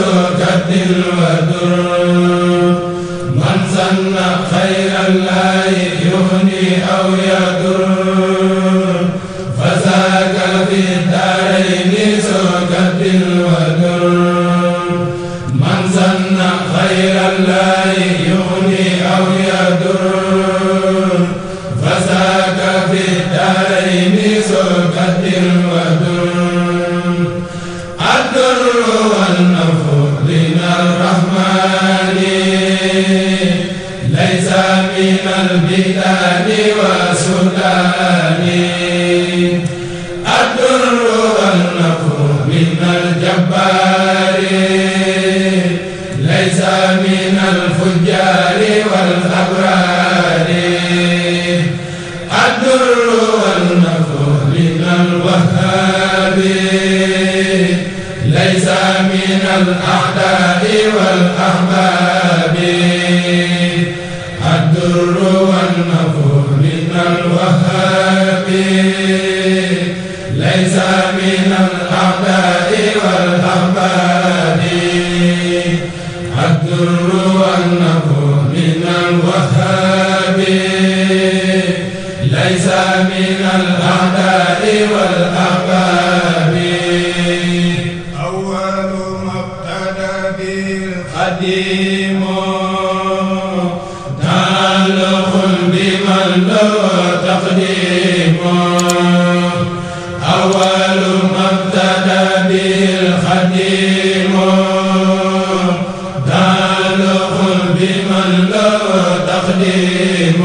سكت الودود من الجبار ليس من الفجار والأبرار الدر والنفع من الوهاب ليس من الأعداء والأحباب من الأعداء والأحباب أول ما ابتدى به القديم تعلق بمن له تقديم أول ما ابتدى به القديم تعلق بمن له تقديم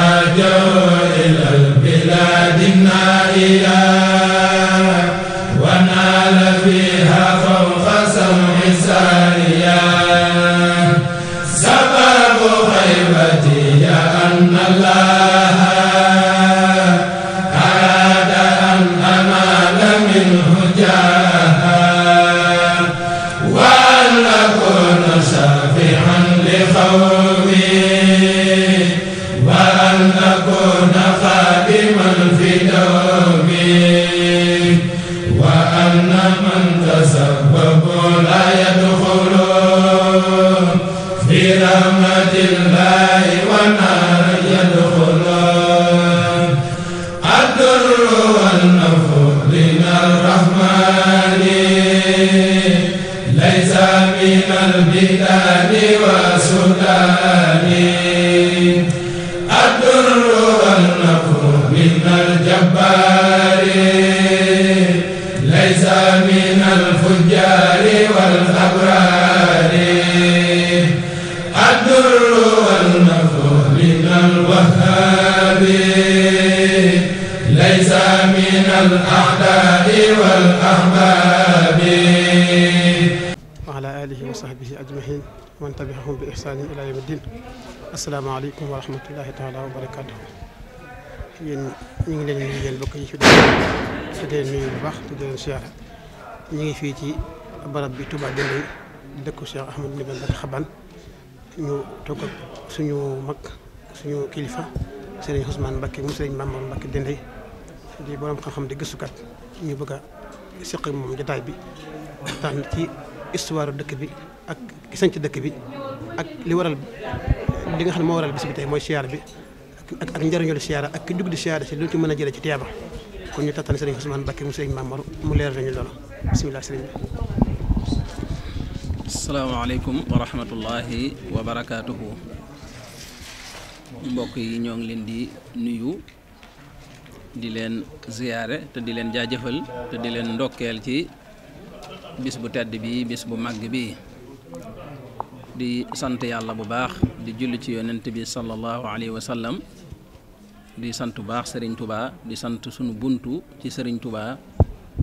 ناجوا إلى البلاد النائلة laysa min al-fujjaar wal-abraar ad-durr wan-naf'u min al-wahhaab laysa min al-a'daa wal-ahbaab wa alaa aalihi wa sahbihi ajma'iin wa man tabi'ahum bi ihsaanin ilaa yawmi ddiin assalaamu aleykum wa rahmatullaahi ta'aalaa wa barakaatuh ñu ngi leen nuyu yéen bokk yi ci dégg te di leen baax te di leen ñu ngi fii ci barab bi Touba Dindeye dëkku Cheikh Ahmadou Ndoumbé Mbacké Xaban ñu toog suñu mag suñu kilifa Serigne Ousmane Mbacké mu Serigne Mamadou Mbacké Dindeye di borom xam-xam di gëstukat ñu bëgg a seq moom jotaay bi waxtaan ci histoire dëkk bi ak ki sañc dëkk bi ak li waral li nga xam ne moo waral bis bi tey mooy siyaar bi. ak ak njëriñul siyaara ak ki dugg di siyaara si lu ci mën a jëlee ci teeba kon ñu tataan sëriñ Ousmane Mbacké mu sëriñ Mamour mu leer nañu loolu bisimilah sëriñ bi asalaamaaleykum wa rahmatullahi wa barakaatuhu mbokk yi ñoo ngi leen di nuyu di leen ziyaare te di leen jaajëfal te di leen ndokkeel ci bis bu tedd bi bis bu màgg bi di sant yàlla bu baax di julli ci yonent bi sallallahu alayhi wa di sant bu baax Serigne tubaa di sant sunu buntu ci Serigne Touba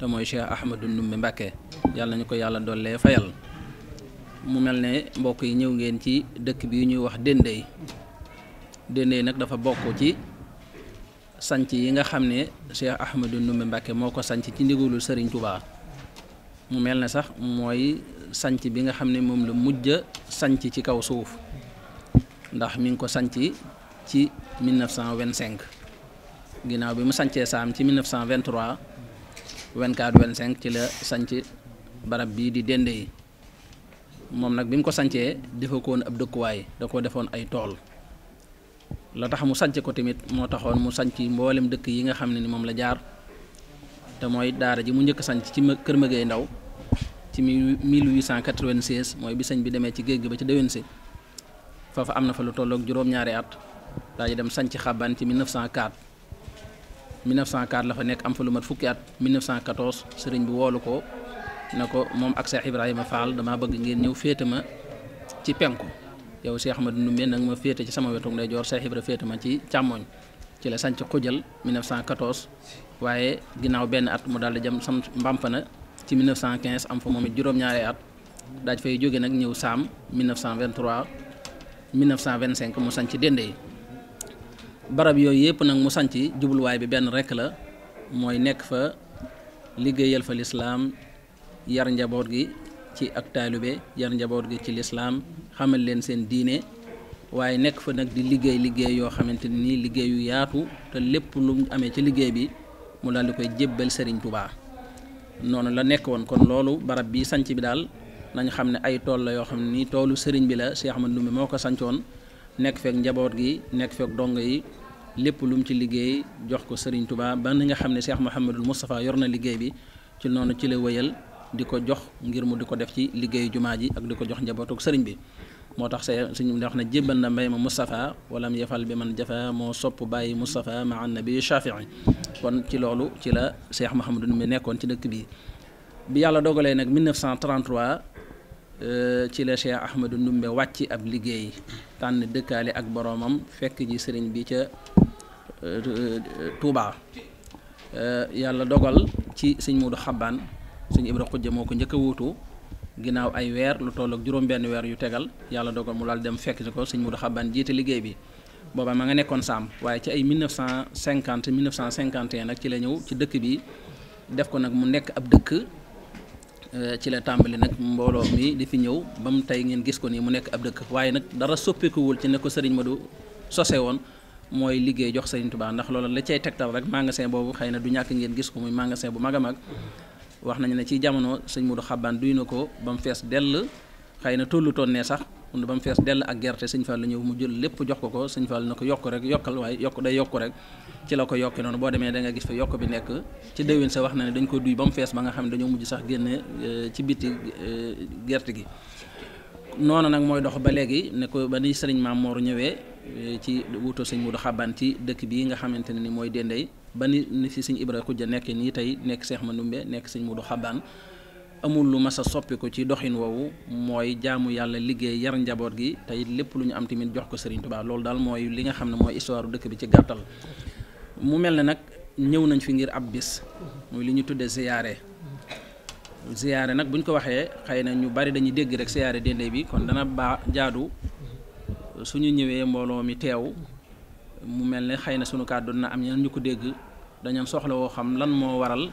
te mooy Cheikh Ahmadou Ndoumbé Mbacké yàlla nañu ko yàlla dollee fayal mu mel ne mbokk yi ñëw ngeen ci dëkk bi ñuy wax Dendey Dendey nag dafa bokk ci sanc yi nga xam ne Cheikh Ahmadou Ndoumbé Mbacké moo ko sanc ci ndigalul sëriñ Touba mu mel ne sax mooy sanc bi nga xam ne moom la mujj a sanc ci kaw suuf ndax mi ngi ko sanc ci 1925 ginnaaw bi mu sancee saam ci 1923 24 25 ci la sanc barab bii di dende yi moom nag bi mu ko sancee defa ko ab dëkkuwaay da ko defoon ay tool la tax mu sanc ko tamit moo taxoon mu sanc mboolem dëkk yi nga xam ne ni moom la jaar te mooy daara ji mu njëkk sanc ci kër Magey Ndaw ci 1896 mooy bi sañ bi demee ci géej gi ba ci déwén si foofu am na fa lu tolloog juróom-ñaari at daa ji dem sanc xaban ci 1904 1904 la fa nekk am fa lu mat fukki at 1914 sëriñ bi woolu ko ne ko moom ak Cheikh Ibrahima faal damaa bëgg ngeen ñëw féete ma ci penku yow Cheikh Ahmadou Ndoumbé nag ma féete ci sama wetu ndeyjoor Cheikh Ibra féete ma ci càmmoñ ci la sanc xujal 1914 waaye ginnaaw benn at mu daal di jëm sam mbampana ci 1915 am fa moom it juróom-ñaari at daaj fay jóge nag ñëw saam 1923 1925 mu sanc dende yi barab yooyu yëpp nag mu sanc jubluwaay bi benn rekk la mooy nekk fa liggéeyal fa lislaam yar njaboot gi ci ak taalibe yar njaboot gi ci lislaam xamal leen seen diine waaye nekk fa nag di liggéey liggéey yoo xamante ni liggéey yu yaatu te lépp lu amee ci liggéey bi mu daal di koy jébbal Serigne Touba noonu la nekk woon kon loolu barab bi sanc bi daal nañ xam ne ay tool la yoo xam ne nii toolu Serigne bi la Cheikh Ahmadou Ndoumbe moo ko sancoon nekk feek njaboot gi nekk feek dongo yi lépp lu mu ci liggéey jox ko Serigne tubaab ba ni nga xam ne Cheikh Mouhamadul Moustapha yor na liggéey bi ci noonu ci la wëyal di ko jox ngir mu di ko def ci liggéeyu jumaa ji ak di ko jox njabootuk Serigne bi. moo tax say suñu wax ne jébbal na mbay ma Moustapha wala mu yefal man jafa moo sopp bàyyi Moustapha ma an nabi Shafii kon ci loolu ci la Cheikh Mouhamadul mi nekkoon ci dëkk bi bi yàlla dogalee nag 1933. Euh, ci la Cheikh Ahmadou Ndumbe wàcc ab liggéey tànn dëkkaale ak boroomam fekk ji sëriñ bi ca Touba eh, yàlla dogal ci sëñ Modou Xabbaan sëñ Ibra Xujja moo ko njëkk a wuutu ginnaaw ay weer lu toll ak juróom-benn weer yu tegal yàlla dogal mu daal dem fekk si ko sëñ Modou xaban jiite liggéey bi booba ma nga nekkoon saam waaye ci ay cinquante 1951 nag ci la ñëw ci dëkk bi def ko nag mu nekk ab dëkk eh, ci la tàmbali nag mbooloo mi di fi ñëw ba mu tey ngeen gis ko nii mu nekk ab dëkk waaye nag dara soppikuwul ci woon mooy liggéey jox Serigne Touba ndax loolu la cay tegtal rek magasin boobu xëy na du ñàkk ngeen gis ko muy magasin bu mag mag wax nañu ne ci jamono sëñ Modou Xabbaan duy na ko ba mu fees dell xëy na tollutoon ne sax ba mu fees dell ak gerte sëñ Fall la ñëw mu jël lépp jox ko ko sëñ Fall na ko yokk rek yokkal waaye yokk day yokk rek ci la ko yokki noonu boo demee da nga gis fa yokk bi nekk ci déwén sa wax na ne dañ ko duy ba mu fees ba nga xam ne dañoo mujj sax génne euh, ci biti euh, gerte gi noonu nag mooy dox ba léegi ne ko ba ni sëriñ Maam Moor ñëwee eh, ci wuto sëñ Mudu Xaban ci dëkk bii nga xamante ne ni mooy Dendey ba ni ni fi sëñ Ibra Kujja nekk nii tey nekk Seex ma Mandumbe nekk sëñ Mudu Xaban amul lu mas a soppiku ci doxin woowu mooy jaamu yàlla liggéey yar njaboot gi tey lépp lu ñu am tamit jox ko sëriñ Touba loolu daal mooy li nga xam ne mooy histoire dëkk bi ci gàttal mu mel ne nag ñëw nañ fi ngir ab bis muy li ñu tuddee ziyaare ziyaare nag buñ ko waxee xëy na ñu bari dañuy dégg rek ziyaare Dendey bi kon dana baa jaadu ñu ñëwee mbooloo mi teew mu mel ni xëy na suñu kàddu na am ñu ko dégg dañoon soxla woo xam lan moo waral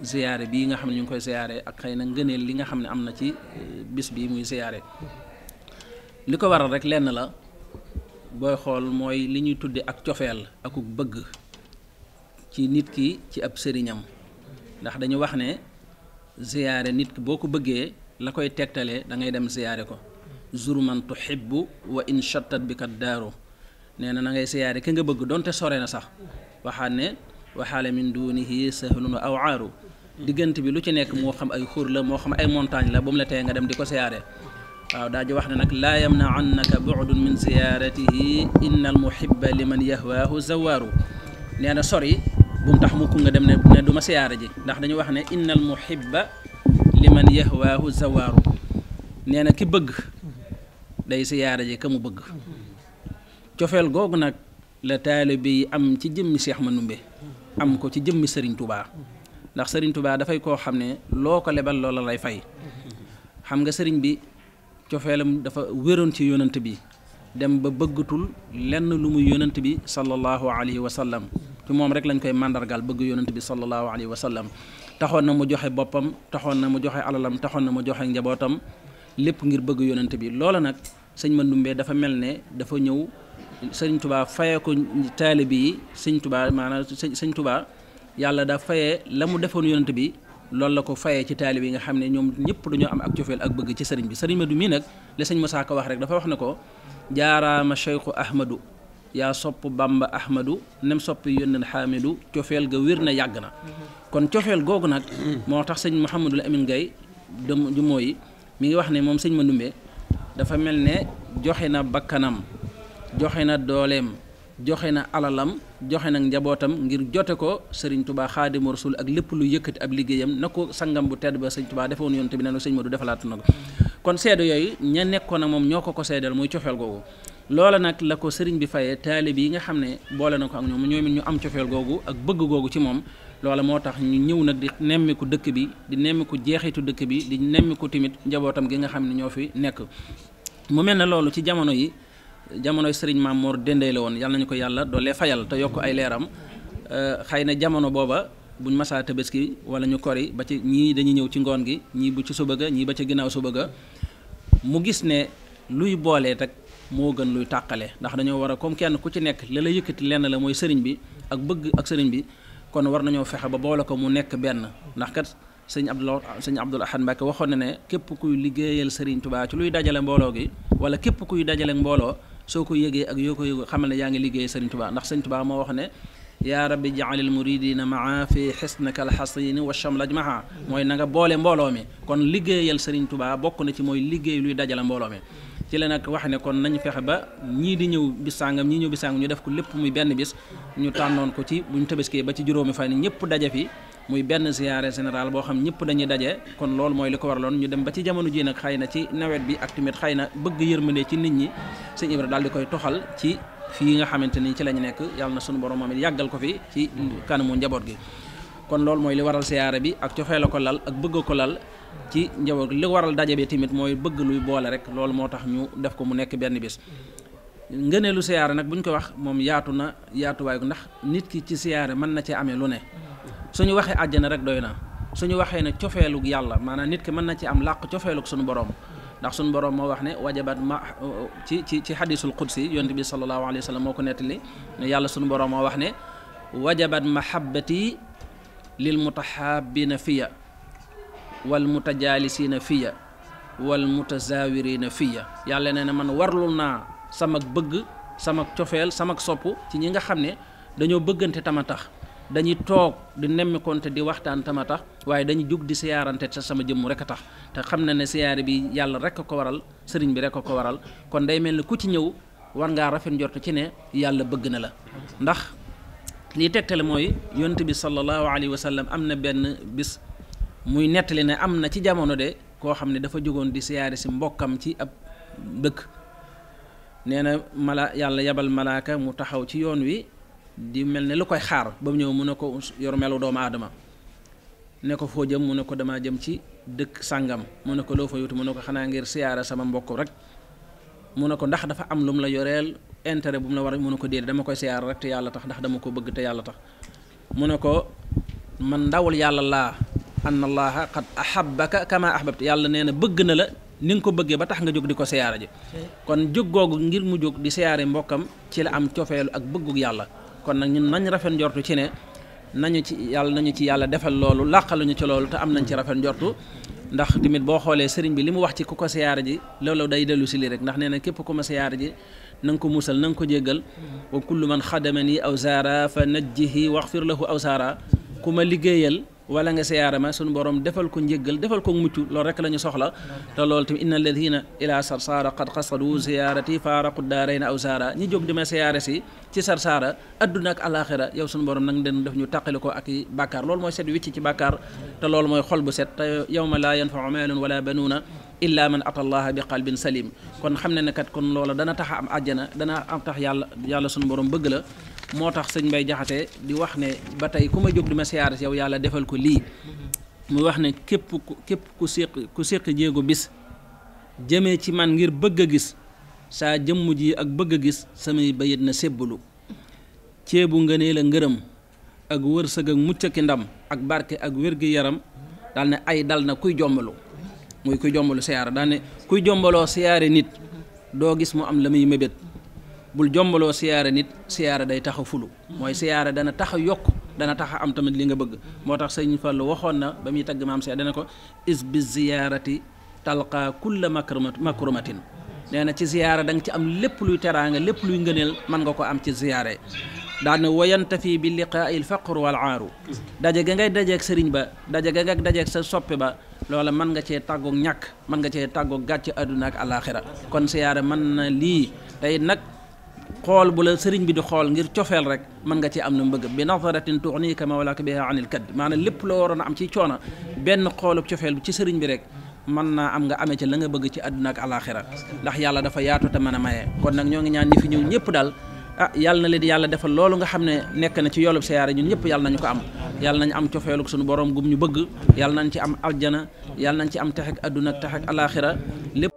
ziyaare bii nga xam ne ñu koy ziyaare ak xëy na ngëneel li nga xam ne am na ci eh, bis bi muy ziyaare li ko waral rek lenn la booy xool mooy li ñuy tudde ak cofeel akuk bëgg ci nit ki ci ab sëriñam ndax dañu wax ne ziyaare nit ki boo ko bëggee la koy tegtalee dangay dem ziyaare ko zur man tuhibbu wa in shattat bi daaru nee na na ngay ziyaare ki nga bëgg donte sore na sax waxaat ne waxaale min dunihi sahlun aw aaru diggante bi lu ci nekk moo xam ay xur la moo xam ay montagne la ba mu la teye nga dem di ko ziyaare waaw daa wax ne nag laa yamnaannaka bu'dun min ziyaaratihi inna al muhibba liman yahwaahu zawaaru nee na yi bum tax mukk nga dem ne ne du ma siyaara ji ndax dañu wax ne innal muhibba liman yahwaahu zawaaru nee na ki bëgg day siyaara ji ka mu bëgg cofeel googu nag la taalibe yi am ci jëmmi Seex ma Manumbe am ko ci jëmmi Sëriñ Tubaa ndax Sëriñ Tubaa dafay koo xam ne loo ko lebal loola lay fay xam nga sëriñ bi cofeelam dafa wéroon ci yonant bi dem ba bëggatul lenn lu muy yonant bi sallallahu alayhi wa sallam ci moom rek lañ koy màndargaal bëgg yonent bi sallallahu alayhi wa sallam taxoon na mu joxe boppam taxoon na mu joxe alalam taxoon na mu joxe njabootam lépp ngir bëgg yonent bi loola nag sëñ Mandoumbe dafa mel ne dafa ñëw sëñ tubaa fayee ko taalibe sëñ tubaa maanaam sëñ tubaa yàlla daa fayee la mu defoon yonent bi loolu la ko fayee ci taalibe yi nga xam ne ñoom ñëpp dañoo am ak cofeel ak bëgg ci sëriñ bi ma du mii nag li sëñ Musaa Ka wax rek dafa wax ne ko jaaraama Cheikhu Ahmadu yaa sopp bamba ahmadu nem soppi yónneen xaamidu cofeel ga wér na yàgg na kon cofeel googu nag moo tax sëñ Mouhamadul Amine Gaye dem jumoo yi mi ngi wax ne moom sëñ Mandoumbe dafa mel ne joxe na bakkanam joxe na dooleem joxe na alalam joxe na njabootam ngir jote ko sëriñ tubaa xaadimu rasul ak lépp lu yëkkati ab liggéeyam na ko sangam bu tedd ba sëñ tubaa defoon yoon te bi ne sëñ Madu defalaatu na ko kon seede yooyu ña nekkoon ak moom ñoo ko ko seedal muy cofeel googu loola nag la ko sëriñ bi fayee taalib yi nga xam ne boole na ko ak ñoom ñoom it ñu am cofeel googu ak bëgg googu ci moom loola moo tax ñu ñëw nag di nemmiku dëkk bi di nemmiku jeexitu dëkk bi di nemmiku tamit njabootam gi nga xam ne ñoo fi nekk mu mel ne loolu ci jamono yi jamonoy sëriñ Maam Mor Dendey la woon yàlla nañu ko yàlla doo doolee fayal te yokk ay leeram euh, xëy na jamono booba buñ masaa tabaski wala ñu kori ba ci ñii dañuy ñëw ci ngoon gi ñii bu ci suba ga ñii ba ca ginnaaw suba ga mu gis ne luy boolee tak moo gën luy tàqale ndax dañoo war a comme kenn ku ci nekk li la yëkkati lenn la mooy sëriñ bi ak bëgg ak sëriñ bi kon war nañoo fexe ba boole ko mu nekk benn ndax kat sëñ Abdoul sëñ Abdoul Ahad Mbacke waxoon na ne képp kuy liggéeyal sëriñ tubaa ci luy dajale mbooloo gi wala képp kuy dajale mbooloo soo ko yëgee ak yoo ko yëgu xamal ne yaa ngi liggéeyal sëriñ tubaa ndax sëñ tubaa moo wax ne yaa rabbi jaalil muridina maa fi xisnaka alxasini wa chamlaj maha mooy na nga boole mbooloo mi kon liggéeyal sëriñ Tuubaa bokk na ci mooy liggéey luy dajale mbooloo mi ci la nag wax ne kon nañu fexe ba ñii di ñëw bis sàngam ñii ñëw bis sàngam ñu def ko lépp muy benn bis ñu tànnoon ko ci bu buñ tabaskee ba ci juróomi fan ñëpp daje fi muy benn ziyaare général boo xam ñëpp dañuy daje kon loolu mooy li ko waraloon ñu dem ba ci jamono ji nag xëy na ci nawet bi ak tamit xëy na bëgg yërmande ci nit ñi sëñ Ibra daal di koy toxal ci fii nga xamante ni ci lañu nekk yàlla na sunu borom yàggal ko fi ci kanamu njaboot gi kon loolu mooy li waral siyaare bi ak cofeel ko lal ak bëgg ko lal ci njaboot li waral daje bi tamit mooy bëgg luy boole rek loolu moo tax ñu def ko mu nekk benn bis ngëneelu siyaare nag bu ñu ko wax moom yaatu na yaatuwaay ndax nit ki ci siyaare mën na cee amee lu ne suñu waxee àjjana rek doy na suñu waxee ne cofeelug yàlla maanaam nit ki mën na ci am làq cofeelug suñu borom ndax suñu borom moo wax ne wajabat ma ci ci ci xadisul qudsi yonent bi sallallahu alayhi wa sallam moo ko nettali ne yàlla suñu borom moo wax ne lil mutaxaabina fiya wal mutajaalisiina fiya wal na fiya yàlla nee na man warlu naa sama bëgg sama cofeel samag sopp ci ñi nga xam ne dañoo bëggante tam a tax dañuy toog di nemmikonte di waxtaan tama tax waaye dañu jug di siyaarante te sama jëmm rek a tax te xam na ne siyaare bi yàlla rek ko waral sëriñ bi rek ko waral kon day mel ni ku ci ñëw war ngaa rafet njort ci ne yàlla bëgg na la ndax liy tegtale mooy yonent bi sallallahu alayhi wa sallam am na benn bis muy nettali ne am na ci jamono de koo xam ne dafa jógoon di siyaare si mbokkam ci ab dëkk nee na mala yàlla yebal malaaka mu taxaw ci yoon wi di mel ne lu koy xaar ba ñëw mu ne ko yor melu doomu aadama ne ko foo jëm mu ne ko damaa jëm ci dëkk sàngam mu ne ko loo fa yutu mu ne ko xanaa ngir siyaare sama mbokk rek mu ne ko ndax dafa am lum la yoreel intérêt bu mu la war a mu ne ko déedéet dama koy siyaar rek te yàlla tax ndax dama ko bëgg te yàlla tax mu ne ko man ndawul yàlla laa anna allaha qad ahabbaka kama ahbabta yàlla nee na bëgg na la ni nga ko bëggee ba tax nga jóg di ko siyaara ji kon jóg googu ngir mu jóg di siyaare mbokkam ci la am cofeelu ak bëggug yàlla kon nag ñun nañ rafet njortu ci ne nañu ci yàlla nañu ci yàlla defal loolu làqaluñu ci loolu te am nañ ci rafet njortu ndax tamit boo xoolee sëriñ bi li mu wax ci ko siyaare ji loolu day dellu si lii rek ndax nee na képp ku ma siyaare ji na nga ko muusal na nga ko jéggal wa kullu man xadamani aw saara fa najjihi waxfir lahu aw saara ku ma liggéeyal wala nga siyaara ma sunu borom defal ko njéggal defal ko mucc loolu rek la ñu soxla te loolu tamit inna alladina ila sarsaara qad xasadu siyaarati faaraqu daarayna aw saara ñi jóg di ma siyaare si ci sarsaara adduna ak alaxira yow sunu borom nag den def ñu tàqali ko ak bàkkaar loolu mooy set wicc ci bàkkaar te loolu mooy xol bu set te yawma laa yanfau maalun illa man ata allaha bi qalbin salim kon xam ne ne kat kon loola dana tax am àjjana dana am tax yàlla yàlla sunu borom bëgg la moo tax sëñ Mbay Jaxate di wax ne ba tey ku ma jóg di ma siyaare yow yàlla defal ko lii mu wax ne képp ku képp ku séq ku séq jéego bis jëmee ci man ngir bëgg a gis saa jëmm ji ak bëgg a gis samay bayit na sébbalu ceebu nga nee la ngërëm ak wërsëg ak mucc ki ndam ak barke ak wér-gi-yaram daal ne ay dal na kuy jommalu muy kuy jombalu siyaara daane kuy jombaloo siyaare nit doo gis mu am la muy mébét bul jombaloo siyaare nit siyaare day tax a fulu mooy siyaare dana tax a yokk dana taxa am tamit li nga bëgg moo tax sëñ Fallu waxoon na ba muy tagg maam siyaare dana ko is bi ziyaarati talqa kulla makrumatin nee na ci ziyaara da ci am lépp luy teraanga lépp luy ngëneel mën nga ko am ci ziyaare daane wayanta fii bi liqaa'i fa wal aaru daje ga ngay dajeeg sëriñ ba daje ga ngay dajeeg sa soppe ba loola mën nga cee tàggoog ñakk mën nga cee tàggoog gàcce àdduna ak kon siyaare mën na lii tey nag xool bu la sëriñ bi di xool ngir cofeel rek mën nga ci am lu mbëgg bi nazaratin tuxniika mawlaaka biha anil kadd maanaam lépp loo waroon am ci coono benn xoolub cofeel bi ci sëriñ bi rek mën naa am nga amee ci la nga bëgg ci àdduna ak alaaxira ndax yàlla dafa yaatu te mën a maye kon nag ñoo ngi ñaan ñi fi ñëw ñëpp daal ah yàlla na leen yàlla defal loolu nga xam ne nekk na ci yoolub siyaare ñun ñëpp yàlla nañu ko am yàlla nañu am cofeeluk suñu borom gum ñu bëgg yàlla nañ ci am aljana yàlla nañ ci am texek àdduna texek alaaxira lépp